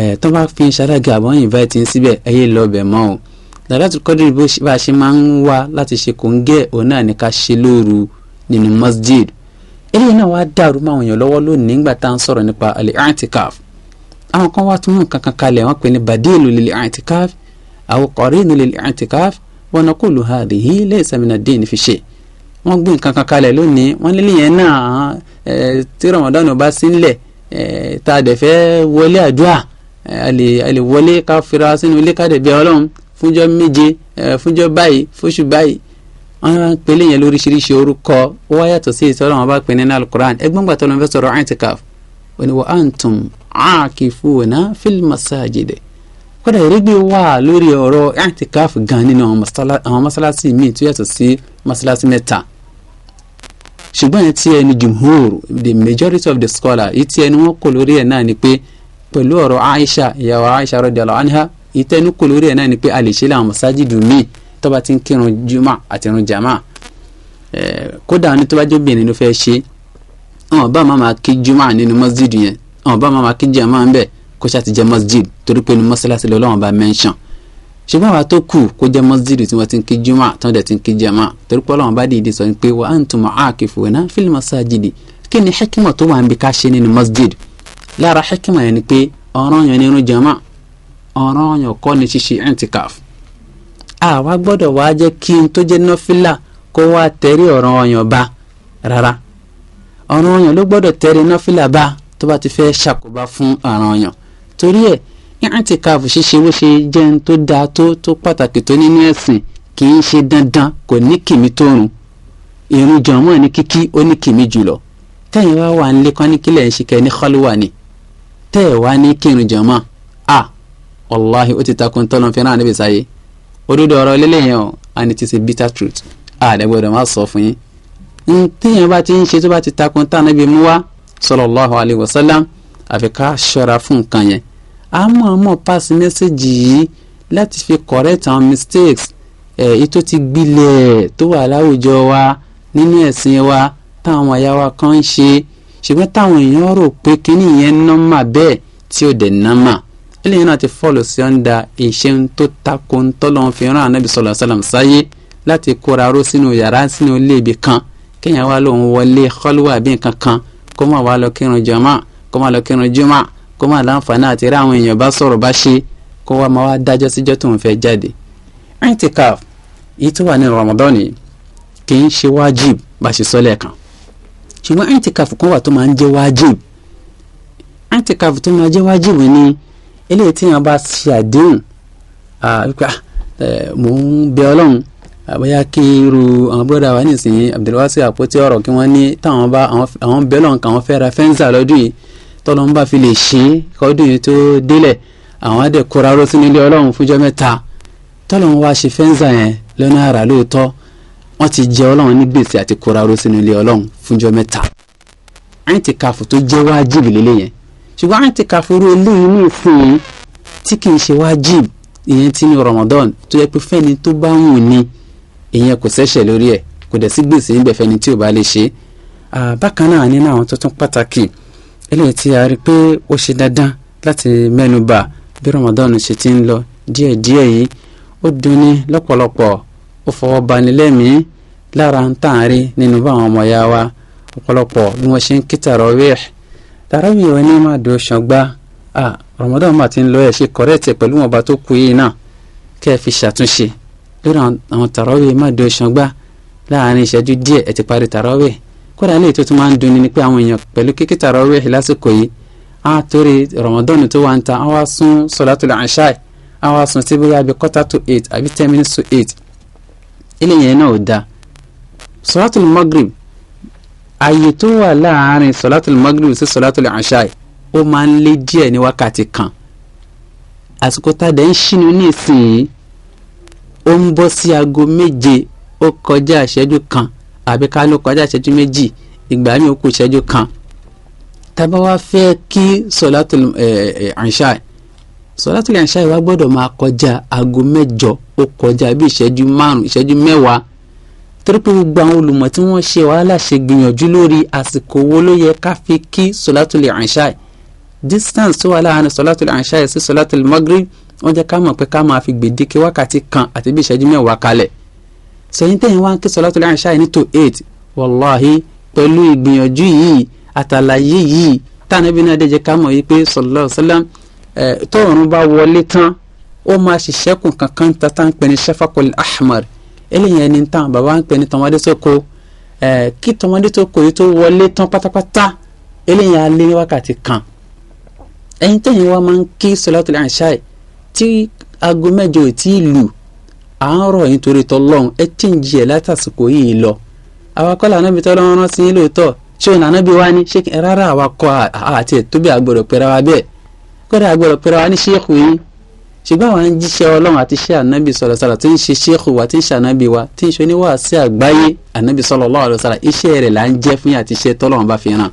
[SPEAKER 1] ẹ̀ tó bá fi ṣàlàgà àbọ̀ invite yín síbẹ̀ ẹ̀yẹ lọ́bẹ̀ mọ́ làlátù kọ́dìrì bá a ṣe máa ń wá láti ṣe kòńgẹ́ òun náà ní ká ṣe lóru nínú masjid eléyìí náà wá dàrú mọ́ àwọn èèyàn lọ́wọ́ lónìí nígbà tá à ń sọ̀rọ̀ nípa al-i'tikaf àwọn kan wá tún nǹkan kan kalẹ̀ wọ́n pè ní badilu lil-i'tikaf aw qarinu lil-i'tikaf wa naqulu hadhihi laysa min ad-din fi shay' wọ́n gbé nǹkan kan kalẹ̀ lónìí wọ́n nílé yẹn náà tí Ramadan bá sí ńlẹ̀ tá a dẹ̀ fẹ́ wọlé àdúrà a wọlé ká fira sínú ilé ká dẹ̀ bí Ọlọ́run fúnjọ́ méje fúnjọ́ báyìí fóṣù báyìí wọ́n máa ń pèlè yẹn lóríṣiríṣi orúkọ ó wá yàtọ̀ sí ìtọ́lọ́ wọn bá pè ní alukur'an ẹgbọ́n gbà tó ló ń fẹ́ sọ̀rọ̀ i'tikaf ó ní wa antum aakifuna fil masajid kódà ìrégbè wà lórí ọ̀rọ̀ i'tikaf gan nínú àwọn masalasi míì tó yàtọ̀ sí masalasi mẹ́ta ṣùgbọ́n yẹn ti ẹni jumhur the majority of the scholar yìí ti ẹni wọ́n kò lórí ẹ̀ náà ni pé pẹ̀lú ọ̀rọ̀ Aisha ìyàwó Aisha radiyallahu ìtẹnukò lórí ẹ̀ náà ni pé a lè ṣe láwọn mọ̀sájìdù míì tó bá ti ń kírun juma àti irun jama kódà ní tó bá jẹ́ obìnrin ló fẹ́ ṣe àwọn bá máa kí juma nínú masjid yẹn àwọn bá máa kí jama ń bẹ̀ kó ṣáà ti jẹ́ masjid torí pé ní mọ́sálásí lọ́wọ́ bá mẹ́ńṣàn ṣùgbọ́n àwa tó kù kó jẹ́ masjid tí wọ́n ti ń kí juma tí wọ́n dẹ̀ ti ń kí jama torí pé ọlọ́run bá dìde sọ pé wa antum aakifuna fil masajidi kí ni hekima tó wà ń bi ká ṣe nínú masjid lára hekima yẹn ni pé ọ̀ràn yẹn nínú jama ọ̀ràn ọyàn kọ́ ni ṣíṣe antikaf àwa gbọ́dọ̀ wá jẹ́ kí n tó jẹ́ nọ́fìlà kó wá tẹ̀rí ọ̀ràn ọyàn bá rárá ọ̀ràn ọyàn ló gbọ́dọ̀ tẹ̀rí nọ́fìlà bá tó bá ti fẹ́ ṣàkóbá fún ọ̀ràn ọyàn torí ẹ̀ antikaf ṣíṣe bó ṣe jẹ́ n tó dáa tó tó pàtàkì tó nínú ẹ̀sìn kì í ṣe dandan kò ní kìmí tó rùn ìrun jọ̀mọ́ ní kíkí ó ní kìmí jùlọ tẹ́yìn wá wà ń lé ní kílẹ̀ ń ṣe kẹ́ ní kọ́lùwà ni tẹ́ẹ̀ wá ní kírun jọ̀mọ́ wàláhi ó ti takò ntọ́lọ́n fẹ́ náà níbi sáyé òdodo ọ̀rọ̀ lélẹ́yìn o and it is a bitter truth àdẹ́gbọ́dọ̀ má sọ fún yín ntíyẹn bá ti ń ṣe tó bá ti takò ntọ́lọ́n níbi mú wá sallallahu alayhi wa sallam àfi ká ṣọ́ra fún nǹkan yẹn àmọ́ àmọ́ pass message yìí láti fi correct our mistakes ẹ̀ eh, ètò ti gbilẹ̀ tó wà láwùjọ wa nínú ẹ̀sìn wa táwọn àyà wa kan ń ṣe ṣùgbọ́n táwọn èèyàn rò pé kíní yẹn nọ́mà bẹ́ẹ̀ tí ò dẹ̀ nọ́mà eléyìí náà ti fọ́ọ̀lù sí ọ̀ǹda ìṣeun tó takò ń tọ́lọ́ fi rán ànábì sọ̀lọ̀ sọ̀lọ̀ sáyé láti kóra ró sínú yàrá sínú ilé ibì kan kéèyàn wá lóun wọlé kọ́lùwà bí nǹkan kan kó má wá lọ kírun jọmọ kó má lọ kírun jọmọ kó má láǹfààní àti rí àwọn èèyàn bá sọ̀rọ̀ bá ṣe kó wá má wá dájọ́ síjọ́ tó ń fẹ́ jáde. intikaf èyí tó wà ní Ramadan kì í ṣe wájib bá ṣe sọ lẹ́ẹ̀kan ṣùgbọ́n intikaf kan wà tó máa ń jẹ́ wájib intikaf tó máa jẹ́ wájib ni eléyìí tí yàn bá ṣe àdéhùn wípé mò ń bẹ ọlọ́run àbáyá kí irú àwọn búrọ́dà wa nísìnyí Abdulwasi àpótí ọ̀rọ̀ kí wọ́n ní táwọn bá àwọn bẹ ọlọ́run káwọn fẹ́ ra fẹ́ǹsà lọ́dún yìí tọ́lọ́n bá fi lè ṣe é kọ́dún yìí tó délẹ̀ àwọn á dẹ̀ kóra ró sínú ilé ọlọ́run fúnjọ́ mẹ́ta tọ́lọ́n wá ṣe fẹ́ǹsà yẹn lọ́nà àrà lóòótọ́ wọ́n ti jẹ ọlọ́run ní gbèsè àti kóra ró sínú ilé ọlọ́run fúnjọ́ mẹ́ta àìntìkàfù tó jẹ́ wájìbì lélẹ́yìn ṣùgbọ́n àti kàfúrú eléyìí ní ìsìn tí kì í ṣe wájib ìyẹn ti ní Ramadan tó yẹ pé fẹ́ni tó bá wù ni ìyẹn kò ṣẹ̀ṣẹ̀ lórí ẹ̀ kò dẹ̀ sí gbèsè níbẹ̀ fẹ́ni tí ò bá lè ṣe é bákan náà nínú àwọn tuntun pàtàkì eléyìí tí a rí pé ó ṣe dandan láti mẹ́nuba bí Ramadan ṣe ti ń lọ díẹ̀díẹ̀ yìí ó dunni lọ́pọ̀lọpọ̀ ó fọwọ́ bani lẹ́mìí lára ń tàn rí nínú báwọn ọmọ ya wa ọ̀pọ̀lọpọ̀ bí wọ́n ṣe ń kí tàràwíhì tàràwì ẹ̀ ní máa dùn ṣàngbá à Ramadan máa ti ń lọ ẹ̀ ṣe kọ̀rẹ́ẹ̀tì pẹ̀lú wọn bá tó kú yìí náà kẹ́ ẹ fi ṣàtúnṣe lórí àwọn tàràwì máa dùn ṣàngbá láàrin ìṣẹ́jú díẹ̀ ẹ̀ ti parí tàràwì kódà lè tó tún máa ń dunni ni pé àwọn èèyàn pẹ̀lú kíkí tàràwì lásìkò yìí á torí Ramadan tó wà ń ta á wá sún sọ̀látùl àṣà á wá sún sí bóyá bíi quarter to eight àbí ten minutes to eight ilé yẹn náà ò dáa sọ̀látùl Maghrib ààyè tó wà láàárín sọlátùlù magrib sí sọlátùlù àṣàì ó máa ń lé díẹ̀ ní wákàtí kan àsìkò tàdé ń ṣínú ní ìsinyìí ó ń bọ́ sí aago méje ó kọjá ìṣẹ́jú kan àbí ká ló kọjá ìṣẹ́jú méjì ìgbà mi ó kù ìṣẹ́jú kan tábà wá fẹ́ kí sọlátùlù àṣàì sọlátùlù àṣàì wá gbọ́dọ̀ máa kọjá aago mẹ́jọ ó kọjá bí ìṣẹ́jú márùn-ún mẹ́wàá torí pé gbogbo àwọn olùmọ̀ tí wọ́n ṣe wàhálà ṣe gbìyànjú lórí àsìkò wo ló yẹ ká fi kí sọlátùlẹ̀ àṣà distance tó wà láàárín sọlátùlẹ̀ àṣà sí sọlátùlẹ̀ magrib wọ́n jẹ́ ká mọ̀ pé ká máa fi gbèdéke wákàtí kan àti bí ìṣẹ́jú mẹ́wàá kalẹ̀ sẹ́yìn tẹ̀yìn wá ń kí sọlátùlẹ̀ àṣà ní tó eight wàláhi pẹ̀lú ìgbìyànjú yìí àtàlàyé yìí tànàbí náà eléyìí ẹni tán bàbá ń pè ní tọmọdé tó ko ẹ kí tọmọdé tó ko yìí tó wọlé tán pátápátá eléyìí á lé ní wákàtí kan ẹ̀yin tẹ̀yìn wa máa ń kí sọlátùl àṣàì tí aago mẹ́jọ ò tí ì lù à ń rọ̀ yín torí tọlọ́run ẹ tí ń jẹ látàsìkò yìí lọ awakọ́lá anábì tọ́lọ́run rán sí lóòótọ́ ṣé òun anábì wa ni ṣé rárá awakọ́ àti ètò bí agbọ̀dọ̀ pẹ̀rẹ̀ wa bẹ́ẹ̀ kọ́dà ṣùgbọ́n àwọn jíṣẹ́ ọlọ́run àti ṣẹ́ ànábì sọ̀rọ̀ sọ̀rọ̀ tí ń ṣe ṣéèkù wa tí ń ṣe ànábì wa tí ń ṣe oníwàásí àgbáyé ànábì sallallahu alaihi wasallam iṣẹ́ rẹ̀ là ń jẹ́ fún yín àti iṣẹ́ tọ́lọ́run bá fi ràn.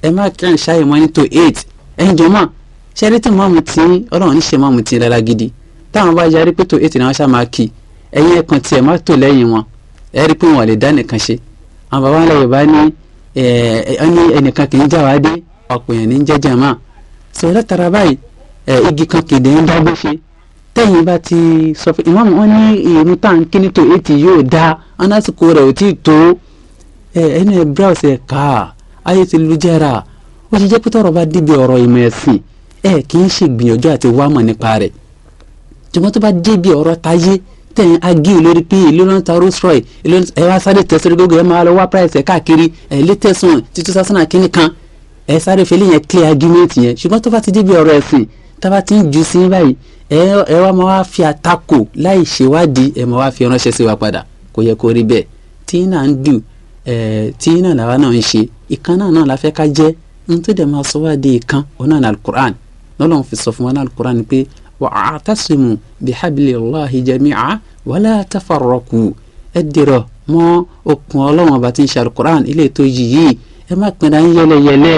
[SPEAKER 1] ẹ má kẹrin ṣáàyè mọ́ ní tó eight ẹ̀yin jọ mọ́ ṣẹ́rí tí mọ́mù tí ọlọ́run níṣẹ́ mọ́mù tí rárá gidi táwọn bá yarí pé tó eight ni wọ́n ṣá máa kì ẹ̀yin ẹ̀kan tiẹ̀ má tò lẹ́yìn wọn ẹ rí pé wọn lè dá nìkan ṣe àwọn Eh, igi kan kéde ń dá gbófin tẹ́yìn bá ti sọ pé ìmọ̀ wọn ní ìrún tá à ń kí ní tó ètì yóò dá anásìkò rẹ̀ ò tí ì tó eh, ẹni ẹ̀ browse ẹ̀ ká ayé ti lu jẹ́ra ó ṣe jẹ́ pé tọ́rọ̀ bá débi ọ̀rọ̀ ìmọ̀ ẹ̀sìn ẹ̀ kì í ṣe gbìyànjú àti wámọ̀ nípa rẹ̀ ṣùgbọ́n tó bá débi ọ̀rọ̀ táyé tẹ̀yìn agí lórí pé ìlú náà ta Rolls Royce ìlú náà ẹ wá sáré tẹ̀sán gbogbo ẹ máa lọ wá price ẹ káàkiri ẹ lé tẹ̀sán títí kínní kan ẹ sáré fẹ́lẹ́ yẹn clear argument yẹn ṣùgbọ́n tó bá ti débi ọ̀rọ̀ ẹ̀sìn tába ti ń jù sí báyìí ẹ wá máa wá fi àtakò láì ṣèwádìí ẹ máa wá fi ránṣẹ́ sí wa padà kò yẹ kó rí bẹ́ẹ̀ tí iná ń dùn tí iná làwa náà ń ṣe ìkan náà náà la fẹ́ ká jẹ́ n tó dẹ̀ máa sọ wá di ìkan ọ̀nà ní alukur'an lọ́lọ́run fi sọ fún wa ní alukur'an pé wa atasimu bihablillahi jami'a wala tafarraqu ẹ dìrọ̀ mọ́ okùn ọlọ́run ọba tí ń ṣe alukur'an ilé tó yìí ẹ má pinna yẹlẹyẹlẹ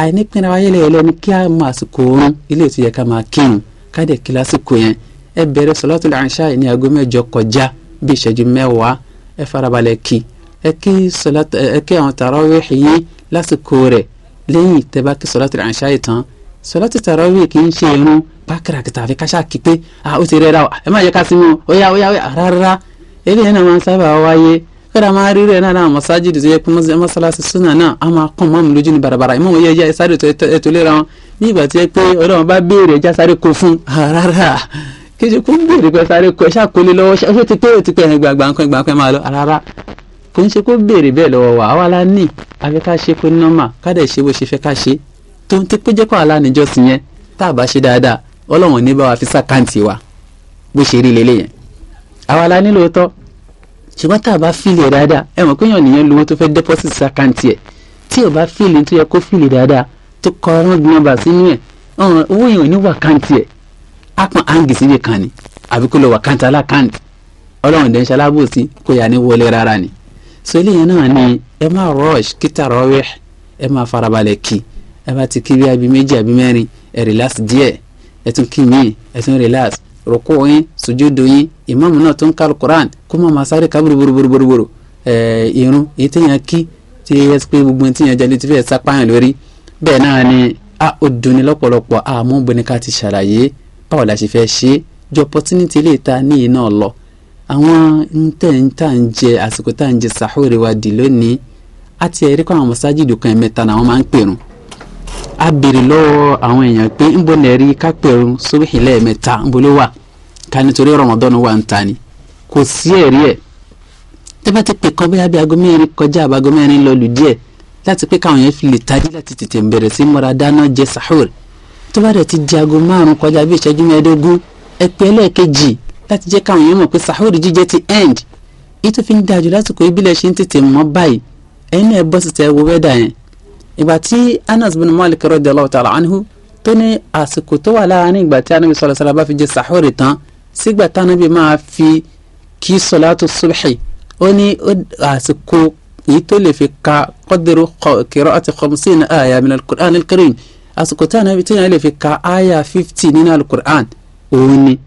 [SPEAKER 1] àìní pinna wáyé lẹ́yìn lẹ́ni kí a mọ àsìkò oorun ilé tó yẹ ká máa kírun ká dẹ̀ kí lásìkò yẹn ẹ bẹ̀rẹ̀ sọlátù làǹṣà ní aago mẹ́jọ kọjá bí ìṣẹ́jú mẹ́wàá ẹ farabalẹ̀ kí ẹ kí sọlátù ẹ kí àwọn tarawih yín lásìkò rẹ̀ lẹ́yìn tẹ́ bá kí sọlátù làǹṣà yìí tán sọlátù tarawih kì í ṣe irun bákàrà kìtà àfi káṣá kí pé ó ti rẹ́ra ẹ má yẹ ká sinmi ó yá ó yá rárá eléyìí náà máa ń sábà wáyé kada ma rire na na masajidi zai kuma zai masalasi suna na ama kan ma mu lójú ni barabara ìmọ̀ wọ́n yẹ ẹja sáré ètò ìlera wọn ní ìgbà tí ẹ pé ọlọ́run bá béèrè ẹja sáré kó fún rárá kéde kó ń béèrè pé sáré kó ẹ ṣàkólé lọ́wọ́ ṣé ti pé ó ti pé ẹ̀ gbàgbà nǹkan ìgbàkan máa lọ rárá kò ń ṣe kó béèrè bẹ́ẹ̀ lọ́wọ́ wa àwa la ní àfi ká ṣe pé nọ́mà ká dẹ̀ ṣe bó ṣe fẹ́ ká ṣe tó ń ti pé jẹ́ pé àwa lánìjọ́ sí yẹn tá a bá ṣe dáadáa ọlọ́run ní wa fi sàkáǹtì wa bó ṣe rí lélẹ́yìn àwa la ní lóòótọ́ ṣùgbọ́n tá a bá fílẹ̀ dáadáa ẹ mọ̀ pé èèyàn nìyẹn lówó tó fẹ́ deposit sàkáǹtì ẹ̀ tí ò bá fílẹ̀ tó yẹ kó fílẹ̀ dáadáa tó kọ round number sínú ẹ̀ owó yẹn ò ní wà káǹtì ẹ̀ á pọn áǹgì síbi kan ni àbí kó lọ wà káǹtì ọlọ́run dẹ̀ ń ṣalábòsí kó yà ní wọlé rárá ni so eléyìí náà ni ẹ máa rush kíta rọwẹ́ ẹ máa farabalẹ̀ kí ẹ bá ti kí bí abí méjì abí mẹ́rin ẹ relax díẹ̀ ẹ tún kí míì ẹ tún relax rúkú yín sùjúdù yín ìmáàmù náà tó ń ka alukur'an kó má máa sáré ká bòròbòròbòròbòrò irun èyí téèyàn kí tí yẹ pé gbogbo tí yẹn jalè ti fẹ́ sápáyàn lórí bẹ́ẹ̀ náà ni a ò dunni lọ́pọ̀lọpọ̀ àmọ́ gbẹ̀nìkà ti ṣàlàyé báwo la ṣe fẹ́ ṣe é ju opportunity lè ta ní iná lọ àwọn ntẹ̀ ń ń jẹ àsìkò tà ń jẹ sàhóore wa dì lónìí àti ẹ̀rí kọ́ àwọn mọ̀sájì dùkan ẹ̀mẹ́ta náà wọ́n máa ń pèrún a béèrè lọ́wọ́ àwọn èèyàn pé nbọ nẹ̀rí kápẹ́rún sóbìhì lẹ́ẹ̀mẹ́ta nbọ ló wà ká nítorí rọmọdọ́nù wà ń ta ni kò sí ẹ̀rí ẹ̀ tẹ́fẹ́ ti pè kọ́ bẹ́ẹ̀ bí aago mẹ́rin kọjá àbágo mẹ́rin lọ́lù díẹ̀ láti pé káwọn yẹn fi lè tají láti tètè bẹ̀rẹ̀ sí múra dáná jẹ sahur tó bá dẹ̀ ti di aago márùn kọjá bí ìṣẹ́jú mẹ́ẹ̀ẹ́dógún ẹ pé ẹlẹ́ẹ̀kejì láti jẹ́ káwọn yẹn mọ̀ pé sahur jíjẹ ti end ètò fi ń dájú lásìkò ìbílẹ̀ ṣe ń tètè mọ́ báyìí ẹ̀yin náà ẹ bọ́ síta ẹ wo wẹ́dà yẹn ìgbà tí anas bin malik radiyallahu ta'ala anhu tó ní àsìkò tó wà láàrin ìgbà tí anabi sallallahu alaihi wasallam bá fi jẹ sàhórì tán sígbà tánabi máa fi kí sọláàtù subhi ó ní àsìkò èyí tó lè fi ka qadru qira'ati khamsina aya min al-Qur'an al-Karim àsìkò tánabi téèyàn lè fi ka aya fifty nínú al òun ni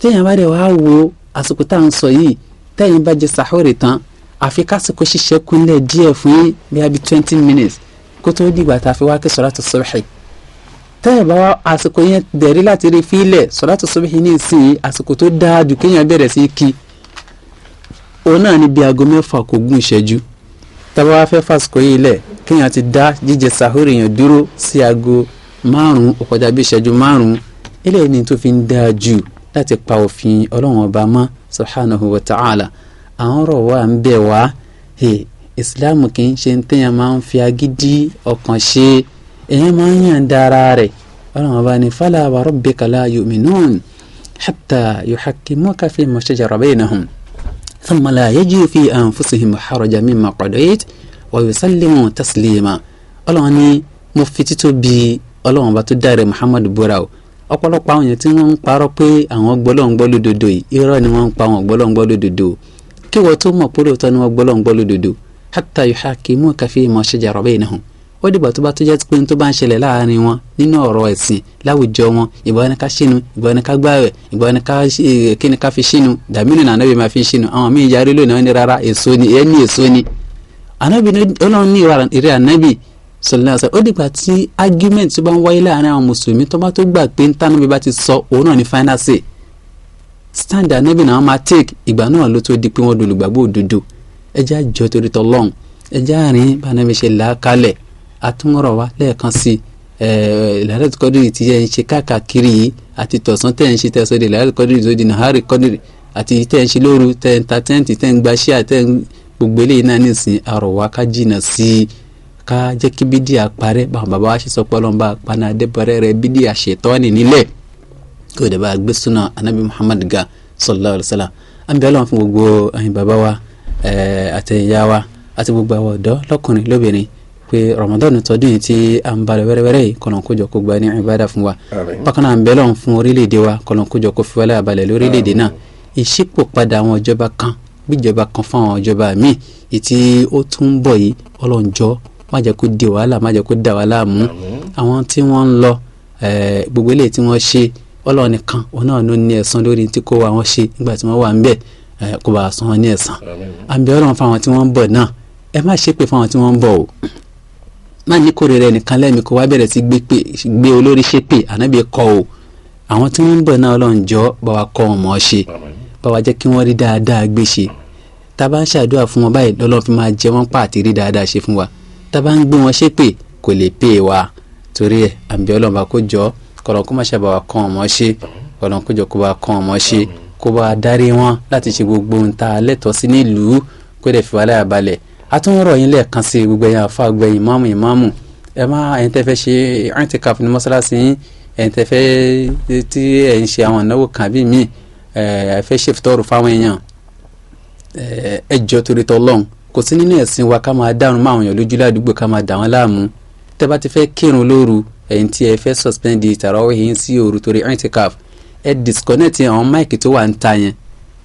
[SPEAKER 1] téèyàn bá dẹ̀ wá wo àsìkò tá à ń sọ yìí téèyàn bá jẹ sàhórì tán àfi kásìkò ṣiṣẹ́ kúnlẹ̀ díẹ̀ fún yín bí i abi twenty minutes kó tó dìgbà tá a fi wá kí sọ́látù subhi tẹ́ ẹ̀ bá wá àsìkò yẹn dẹ̀rí láti rí fílẹ̀ sọ́látù subhi ní ìsìn àsìkò tó dáa jù kéèyàn bẹ̀rẹ̀ sí kí òun náà ní bí aago mẹ́fà kò gún ìṣẹ́jú tábà wá fẹ́ fàsìkò yìí lẹ̀ kéèyàn ti dá jíjẹ sàhórì yẹn dúró sí aago márùn-ún ó bí ìṣẹ́jú márùn-ún eléyìí tó fi ń dáa jù láti pa òfin ọlọ́run ọba mọ́ subhanahu wa ta'ala àwọn ọ̀rọ̀ wa ń bẹ̀ wá islam kì í ṣe téèyàn máa ń fi agídí ọkàn ṣe èèyàn máa ń yàn dára rẹ̀ ọlọ́run ọba ní fala wa rabbika la yu'minun hatta yuhakkimuka fima shajara baynahum thumma la yajidu fi anfusihim harajan mimma qadayt wa yusallimu taslima ọlọ́run ní mo fi títóbi ọlọ́run ọba tó dáre muhammadu búra o ọ̀pọ̀lọpọ̀ àwọn èèyàn tí wọ́n ń parọ́ pé àwọn gbọ́lọ́ngbọ́ yìí irọ́ ni wọ́n ń pa àwọn gbọ́lọ́ngbọ́ kí wọ́n tó mọ̀ pé ni wọ́n gbọ́lọ́ngbọ́ hatta yuhakimuka fima shajara bainahum ó dìgbà tó bá tó jẹ́ pé tó bá ń ṣẹlẹ̀ láàrin wọn nínú ọ̀rọ̀ ẹ̀sìn láwùjọ wọn ìgbà wọn ni ká ṣínu ìgbà wọn ni ká gbààwẹ̀ ìgbà wọn ni ká kí ni ká fi ṣínu dàmínú náà anábì máa fi ṣínu àwọn míì yarí lónìí wọn ni rárá èso ni ẹ ní èso ni anábì ọlọ́run ní ìrẹ̀ anábì sọlẹ́nàṣẹ́ ó dìgbà tí argument tó bá ń wáyé láàrin àwọn mùsùlùmí tó bá tó gbà pé ntánàbí bá ti sọ òun ẹjẹ́ àjọ torí tọ́lọ́hún ẹjẹ́ àárín bánabi ṣe là á kalẹ̀ àtúnrọ̀ wa lẹ́ẹ̀kan sí ìlànà tó kọ́dìrì tí ẹ̀ ń ṣe káàkiri yìí àti tọ̀sán tẹ̀ ń ṣe tẹ̀sán de ìlànà tó kọ́dìrì tó di nàhárì kọ́dìrì àti tẹ̀ ń ṣe lóru tẹ̀ ń ta tẹ́ǹtì tẹ̀ ń gbaṣẹ́ àtẹ̀ ń gbogbo eléyìí náà nìsín àrọ̀wá ká jìnà sí i ká jẹ́ kí bídí àparẹ́ báwọn bàbá wa ṣe sọ pé ọlọ́mọba paná adébọ̀rẹ́ rẹ bídí àṣetọ́ni nílẹ̀ kí o dẹ̀ bá gbé súnà anábì sallallahu sallam àbí ọlọ́run fún wa àti ìyá wa àti gbogbo àwọn ọ̀dọ́ lọ́kùnrin lóbìnrin pé Ramadan tọdún yìí tí a ń balẹ̀ wẹ́rẹ́wẹ́rẹ́ yìí kọ̀nà kójọ kó gba ní ìbádà fún wa bákan náà ń bẹ Ọlọ́run fún orílẹ̀-èdè wa kọ̀nà kójọ kó fi wálé àbalẹ̀ lórílẹ̀-èdè náà ìṣípò padà àwọn ìjọba kan gbíjọba kan fún àwọn ìjọba míì ìtí ó tún ń bọ̀ yìí Ọlọ́run jọ̀ọ́ má jẹ́ kó di wàhálà má jẹ́ kó da wàhálà mú àwọn tí wọ́n ń lọ gbogbo eléyìí tí wọ́n ṣe Ọlọ́run nìkan òun náà ló ní ẹ̀san lórí tí kò wá wọn ṣe nígbà tí wọ́n wà ń bẹ̀ Eh, kó bá a san wọn ní ẹ̀san àmì ọlọ́run fáwọn tí wọ́n ń bọ̀ náà ẹ má ṣépè fáwọn tí wọ́n ń bọ̀ o má ní kórè rẹ nìkan lẹ́mìí kó wá bẹ̀rẹ̀ sí gbé olórí ṣépè ànábì kọ́ o àwọn tí wọ́n ń bọ̀ náà ọlọ́run jọ bá wa kọ́ wọn mọ̀ ọ́ ṣe bá wa jẹ́ kí wọ́n rí dáadáa gbé ṣe tá a bá ń ṣàdúrà fún wọn báyìí lọ́lọ́run fi máa jẹ wọ́n pàtì rí dáadáa ṣe fún wa tá a bá ń gbé wọn ṣépè kò lè pè wá torí ẹ̀ àmì ọlọ́run bá kó jọ kọ̀ọ̀kan má ṣàbà wa wọn mọ̀ ọ́ ṣe kọ̀ọ̀kan jọ kó bá wa wọn mọ̀ ọ́ ṣe kó bá darí wọn láti ṣe gbogbo ohun tá a lẹ́tọ̀ọ́ sí nílùú kó dẹ̀ fi wá láyà balẹ̀ a tún rọ̀ yín lẹ́ẹ̀kan sí gbogbo ẹ̀yàn afa gbẹ ìmáàmù ìmáàmù ẹ má ẹ̀yin tẹ́ fẹ́ ṣe ẹ̀ǹtìkàfù ní mọ́ṣáláṣí yín ẹ̀yin tẹ́ fẹ́ tí ẹ̀ ń ṣe àwọn ìnáwó kan bíi míì ẹ̀ fẹ́ ṣe fìtọ́rù fáwọn èèyàn ẹ jọ̀ọ́ torí tọlọ́run kò sí nínú ẹ̀sìn wa ká máa dárun máa wọ̀nyàn lójú ládùúgbò ká máa dà wọ́n láàmú tẹ́ bá ti fẹ́ kírun lóru ẹ̀yin tí ẹ fẹ́ suspend tarawih yín sí òru torí ẹ̀ǹtìkàfù ẹ disconnect yẹn àwọn máìkì tó wà ń ta yẹn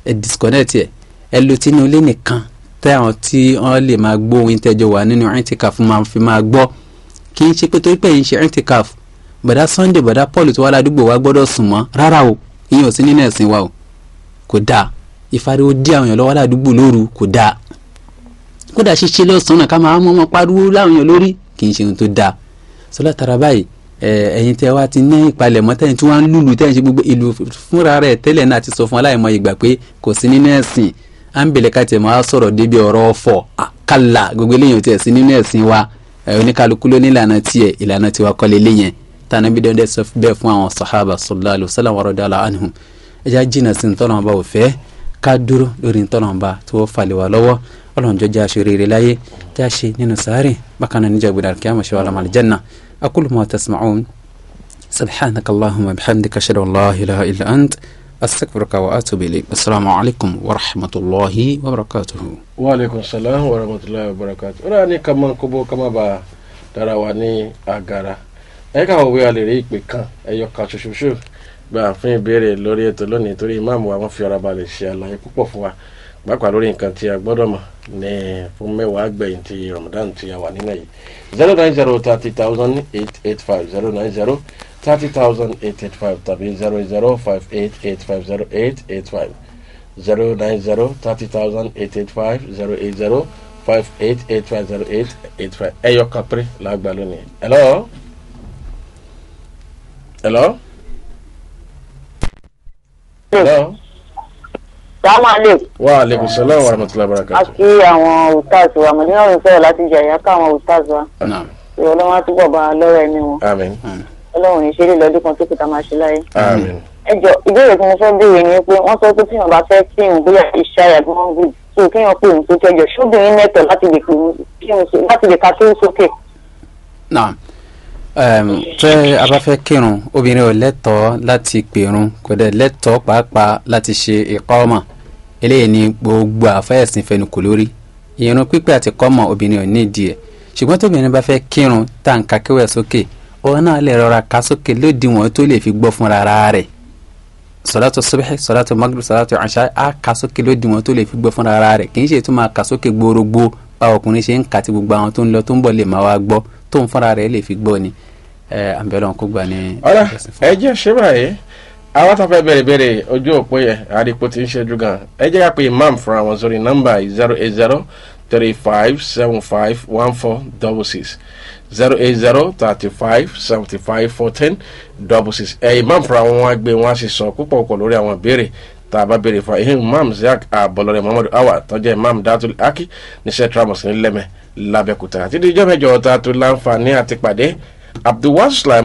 [SPEAKER 1] ẹ disconnect yẹ ẹ lo tinú ilé nìkan táwọn tí wọ́n lè máa gbọ́ ohun tẹ́jọ wà nínú ẹ̀ǹtìkàf máa fi máa gbọ́ kì í ṣe pé torí pé ẹ̀yin ṣe ẹ̀ǹtìkàf bàdá Sunday bàdá Paul tó wà ládùúgbò wa gbọ́dọ̀ sùn mọ́ rárá o ìyẹn ò sí nínú ẹ̀sìn wa o kò dáa ìfariwo dí àwọn èèyàn lọ́wọ́ ládùúgbò lóru kò dáa kódà ṣíṣe lọ́sàn-án ká máa mọ́ ọmọ pariwo láwọn èèyàn lórí kì í ṣe ohun tó dáa sọlá tara báyìí Eh, ẹ̀yin tẹ́ wá ti ní ìpalẹ̀mọ́ tẹ́yìn tí wọ́n ń lùlù tẹ́yìn ṣe gbogbo ìlú fúnra rẹ̀ tẹ́lẹ̀ náà ti sọ fún aláìmọ ìgbà pé kò sí nínú ẹ̀sìn à ń bèlè ká tiẹ̀ máa sọ̀rọ̀ débi ọ̀rọ̀ ọ̀fọ̀ àkàlà gbogbo eléyìí ò tiẹ̀ sí nínú ẹ̀sìn wa eh, oníkálukú ló ní ìlànà tiẹ̀ ìlànà tiwa kọ́lé léyìn tànà bí dọ́ndẹ́ sọ bẹ́ẹ̀ fún àwọn sàhábà sallallahu alaihi wasallam waradiallahu anhum ẹja jìnnà sí ntọ́nàmọba òfẹ́ ká dúró lórí ntọ́nàmọba tí wọ́n falẹ̀ wá lọ́wọ́ ọlọ́njọ́ já ṣe rere wà أقول ما تسمعون سبحانك اللهم بحمدك أشهد أن لا إله إلا أنت أستغفرك وأتوب إليك السلام عليكم ورحمة الله وبركاته
[SPEAKER 2] وعليكم السلام ورحمة الله وبركاته راني كمان كبو كما با تراواني أغارا ẹ̀ka òwe a lè rí ìpè kan ẹyọ kan ṣoṣoṣo gbà fún ìbéèrè lórí ètò lónìí pàápàá lórí nǹkan tí a gbọ́dọ̀ mọ̀ ní fún mẹ́wàá gbẹ̀yìn ti Ramadan tí a wà nínú yìí zero nine zero thirty thousand eight eight five zero nine zero thirty thousand eight eight five tàbí zero zero five eight eight five zero eight eight five zero nine zero thirty thousand eight eight five zero eight zero five eight eight five zero eight eight five ẹyọ kan péré lágbàá lónìí. hello hello hello sàmàlè. wa aleykum salaam wa rahmatulah barakatu. a kí àwọn ustaz wa mọ̀lẹ́nà òun sọ̀rọ̀ láti jẹ àyà káwọn ustaz wa. ìwọ lọ́wọ́ á túbọ̀ bá lọ́rọ̀ ẹni wọn. àmín. ọlọ́run ní ṣeré lọ́dún kan tó kùtà máa ṣe láyé. àmín. ẹ jọ ìbéèrè tí mo fẹ́ béèrè ni pé wọ́n sọ pé tíyàn bá fẹ́ kí n bóyá iṣẹ́ àyàgbọ́n gbòdì tó kéèyàn pè mí sókè ẹjọ ṣóbìnrin mẹ́tọ̀ láti lè ka tó sókè
[SPEAKER 1] tẹ́ a bá fẹ́ kírun obìnrin ò lẹ́tọ̀ọ́ láti pèrun kò dẹ̀ lẹ́tọ̀ọ́ pàápàá láti ṣe ìkọ́mà eléyìí ni gbogbo àfẹ́yẹ̀sìn fẹnukò lórí ìrun pípẹ́ àti kọ́mà obìnrin ò ní ìdí ẹ̀ ṣùgbọ́n tóbìnrin bá fẹ́ kírun tá n kakẹ́wẹ̀ sókè òun náà lè rọra ká sókè lódiwọ̀n tó lè fi gbọ́ fúnra ara rẹ̀ sọlátù subaxi sọlátù magrib sọlátù anṣá á ká sókè lódiwọ̀n tó lè fi gbọ́ fúnra ara kì í ṣe tó máa ká sókè gbòòrògbò bá ọkùnrin ṣe ń kà tí gbogbo àwọn tó ń lọ tó ń bọ̀ lè máa wá gbọ́
[SPEAKER 2] tóun fúnra rẹ̀ lè fi gbọ́ ni àǹbẹ̀lọ́n kó gbà ní. ọ̀la ẹ jẹ́ ṣé báyìí àwọn tó fẹ́ bẹ̀rẹ̀ bẹ̀rẹ̀ ojú òpó yẹ àdìpọ̀ tí ń ṣẹ́jú gan ẹ jẹ́ ká pe imam fúnra wọn sórí nọ́mbà zero eight zero three five seven five one four double six zero eight zero thirty five seventy five fourteen double six ẹ imam fúnra wọn wá gbé wọn á sì sọ púpọ̀ ọkọ̀ lórí àwọn ìbéèrè tá a bá béèrè fún ihun imam ziak abọlọrẹ muhammadu awa tó jẹ́ imam datul aki ní central mosque ní lẹ́mẹ̀ lábẹ́kúta títí ìjọ́ mẹ́jọ ọ̀tá tó láǹfààní àti pàdé